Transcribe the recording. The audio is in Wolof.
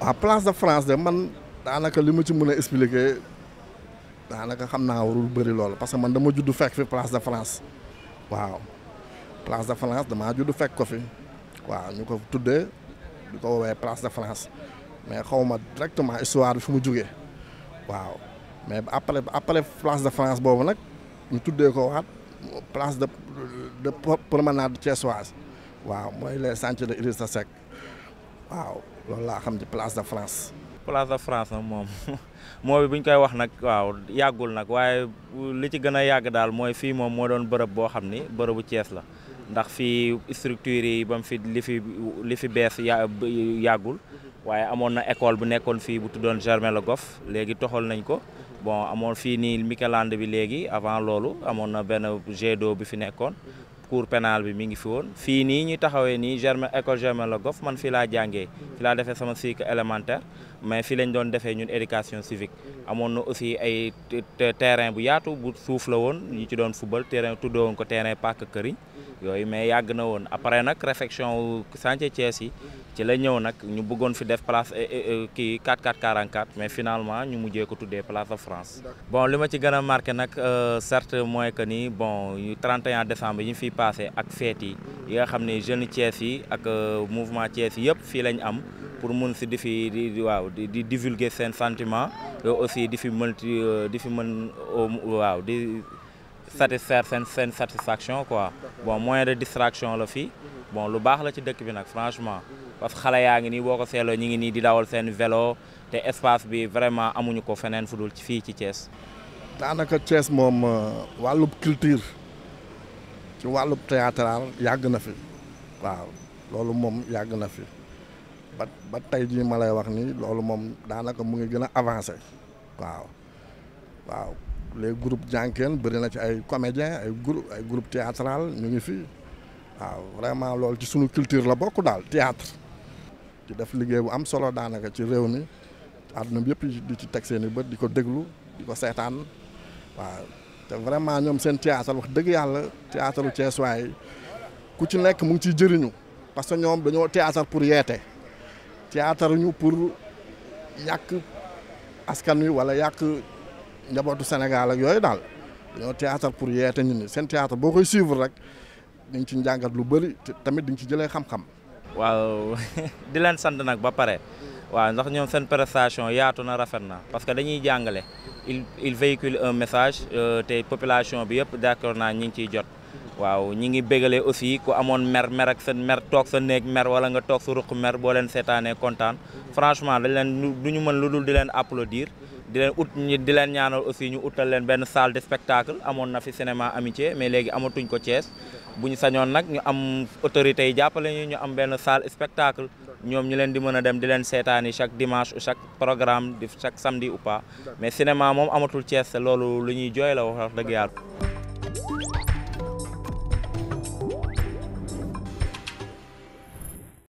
waaw place de France de man daanaka li ma ci mun a expliquer daanaka xam naa warul bëri loolu parce que man dama juddu fekk fi place de France waaw place de France damaa judd fekk ko fi waaw ñu ko tuddee di ko woowee place de France mais xaw ma directement histoire fu mu jugee waaw mais après après place de France boobu nag ñu tuddee ko waat place de de promenade thiessoise waaw mooy les sentiers de Idrissa Seck waaw loolu laa xam ci place de France. place de France moom moo bi ñu koy wax nag waaw yàggul nag waaye li ci gën a yàgg daal mooy fii moom moo doon bërëb boo xam ni bërëbu cees la ndax fii structure yi ba mu fi li fi li fi bees ya yàggul waaye amoon na école bu nekkoon fii bu tuddoon Germain la gof léegi toxal nañ ko. bon amoon fii nii Michelande bi léegi avant loolu amoon na benn jet d'eau bi fi nekkoon cour pénal bi mi ngi fi woon fii nii ñu taxawee nii Germain école Germain Le Goff man fi laa jàngee fi laa defee sama cycle élémentaire mais fi lañ doon defee ñun éducation civique amoon na aussi ay terrain bu yaatu bu suuf la woon ñu ci doon football terrain tuddee woon këriñ yooyu mais yàgg na woon après nag réfection chantier Thiès ci la ñëw nag ñu bëggoon fi def place eh, eh, eh, kii 4444 mais finalement ñu mujjee ko tuddee place de France bon li ma ci gën a marqué nag euh, certes mooy que passé ak fête yi yi xam ne jeune Thiès yi ak euh, mouvement Thiès yëpp fii lañ am pour mun si di fi di waaw di divulguer seen sentiment aussi di fi mën di euh, fi mën euh, waaw di satisfaire seen seen satisfaction quoi bon moyen de distraction la fi bon lu baax la ci dëkk bi nag franchement parce que xale yaa ngi nii boo ko seetloo ñu ngi nii di dawal seen velo te espace bi vraiment amuñu ko feneen fu dul fii ci Thiès. daanaka Thiès moom wàllu culture. ci wàllu théâtral yàgg na fi waaw loolu moom yàgg na fi ba ba tey jii ma lay wax nii loolu moom daanaka mu ngi gën a avancé waaw waaw les groupes jànkeen bëri na ci ay comédiens ay groupe ay groupe théâtral ñu ngi fi waaw vraiment loolu ci suñu culture la bokk daal théâtre di def liggéey bu am solo daanaka ci réew mi àdduna bi yëpp di ci teg seen i bët di ko déglu di ko seetaan waaw te ñoom seen théâtre wax dëgg yàlla théâtre u Thiès ku ci nekk mu ngi ciy jëriñu parce que ñoom dañoo théâtre pour yeete théâtre ñu pour yàq askan wi wala yàq njabootu Sénégal ak yooyu daal dañoo théâtre pour yeete ñun ñi seen théâtre boo koy suivre rek dañ ci njàngat lu bëri tamit dañ ci jëlee xam-xam. waaw di leen sant nag ba pare waaw ndax ñoom seen prestation yaatu na rafet na parce que dañuy jàngale. il il véhicule un message euh, te population bi yëpp d'accord na ñi ngi ciy jot waaw ñi ngi bégalee aussi ku amoon mer mer ak sa mer toog sa néeg mer wala nga toog sa ruq mer boo leen seetaanee kontaan franchement dañ leen du ñu mën lu dul di leen applaudir di leen ut di leen ñaanal aussi ñu utal leen benn salle de spectacle amoon na fi cinéma amitié mais léegi amatuñ ko Thiès bu ñu sañoon nag ñu am autorité yi jàppale ñu ñu am benn salle spectacle ñoom ñu leen di mën a dem di leen seetaani chaque dimanche ou chaque programme di chaque samedi ou pas mais cinéma moom amatul Thiès loolu lu ñuy jooy la wax dëgg yàlla.